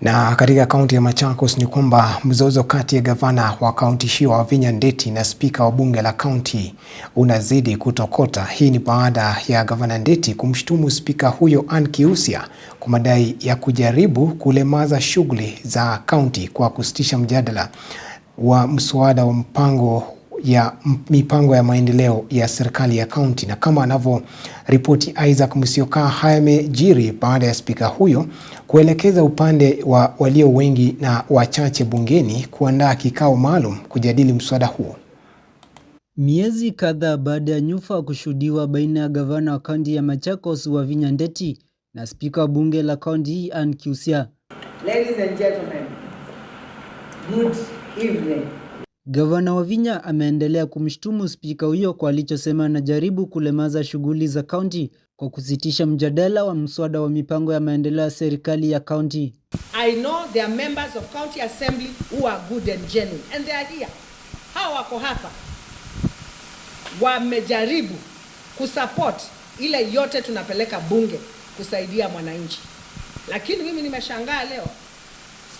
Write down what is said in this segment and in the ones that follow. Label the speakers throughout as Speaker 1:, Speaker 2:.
Speaker 1: Na katika kaunti ya Machakos ni kwamba mzozo kati ya gavana wa kaunti hiyo Wavinya Ndeti na spika wa bunge la kaunti unazidi kutokota. Hii ni baada ya gavana Ndeti kumshutumu spika huyo Ann Kiusya kwa madai ya kujaribu kulemaza shughuli za kaunti kwa kusitisha mjadala wa mswada wa mpango ya mipango ya maendeleo ya serikali ya kaunti. Na kama anavyoripoti Isaac Musyoka, haya yamejiri baada ya spika huyo kuelekeza upande wa walio wengi na wachache bungeni kuandaa kikao maalum kujadili mswada huo.
Speaker 2: Miezi kadhaa baada ya nyufa kushuhudiwa baina ya gavana wa kaunti ya Machakos Wavinya Ndeti na spika wa bunge la kaunti Ann Kiusya.
Speaker 3: Ladies and gentlemen, good evening.
Speaker 2: Gavana Wavinya ameendelea kumshtumu spika huyo kwa alichosema anajaribu kulemaza shughuli za kaunti kwa kusitisha mjadala wa mswada wa mipango ya maendeleo ya serikali ya kaunti.
Speaker 4: I know there are members of county assembly who are good and genuine and they are here. Hawa wako hapa wamejaribu kusupport ile yote tunapeleka bunge kusaidia mwananchi, lakini mimi nimeshangaa leo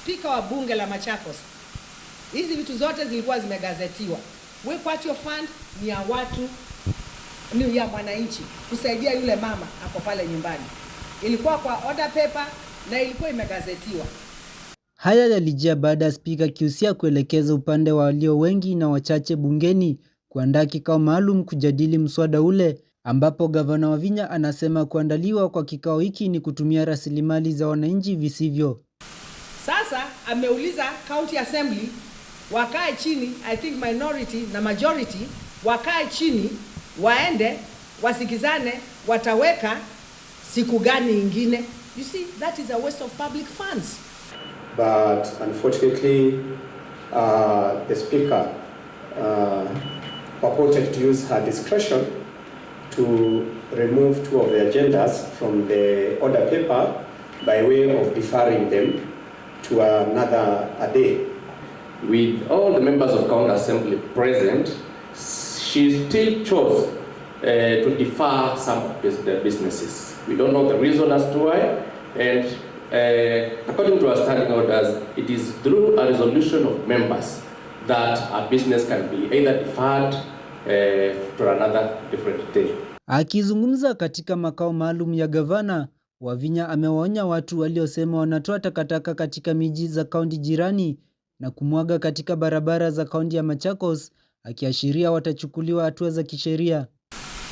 Speaker 4: spika wa bunge la Machakos Hizi vitu zote zilikuwa zimegazetiwa. We Patriot Fund ni ya watu, ni ya mwananchi kusaidia yule mama ako pale nyumbani, ilikuwa kwa order paper na ilikuwa imegazetiwa.
Speaker 2: Haya yalijia baada ya Spika Kiusia kuelekeza upande wa walio wengi na wachache bungeni kuandaa kikao maalum kujadili mswada ule, ambapo gavana Wavinya anasema kuandaliwa kwa kikao hiki ni kutumia rasilimali za wananchi visivyo.
Speaker 5: Sasa ameuliza county assembly wakae chini, I think minority na majority wakae chini, waende wasikizane, wataweka siku gani ingine.
Speaker 6: You see that is a waste of public funds.
Speaker 7: But unfortunately uh, the speaker uh, purported to use her discretion to remove two of the agendas from the order paper by way of deferring them to another a day
Speaker 8: with all the members of Kaunda Assembly present, she still chose uh, to defer some of the businesses. We don't know the reason as to why, and uh, according to our standing orders, it is through a resolution of members that a business can be either deferred uh, to another different day.
Speaker 2: Akizungumza katika makao maalum ya gavana, Wavinya amewaonya watu waliosema wanatoa takataka katika miji za kaunti jirani na kumwaga katika barabara za kaunti ya Machakos akiashiria watachukuliwa hatua za kisheria.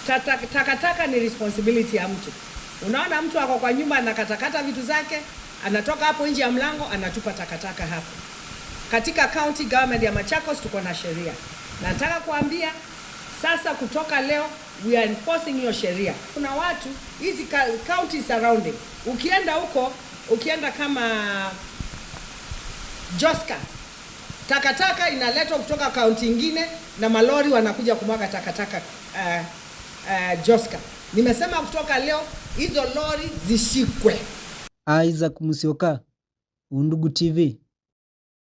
Speaker 9: Takataka taka ni responsibility ya mtu. Unaona, mtu ako kwa nyumba anakatakata vitu zake, anatoka hapo nje ya mlango anatupa takataka hapo. Katika county government ya Machakos tuko na sheria, nataka kuambia sasa, kutoka leo we are enforcing hiyo sheria. Kuna watu hizi county surrounding, ukienda huko, ukienda kama Joska Takataka inaletwa kutoka kaunti ingine na malori wanakuja kumwaga takataka uh, uh, Joska. Nimesema kutoka leo hizo lori zishikwe.
Speaker 2: Isaac Musioka, Undugu TV.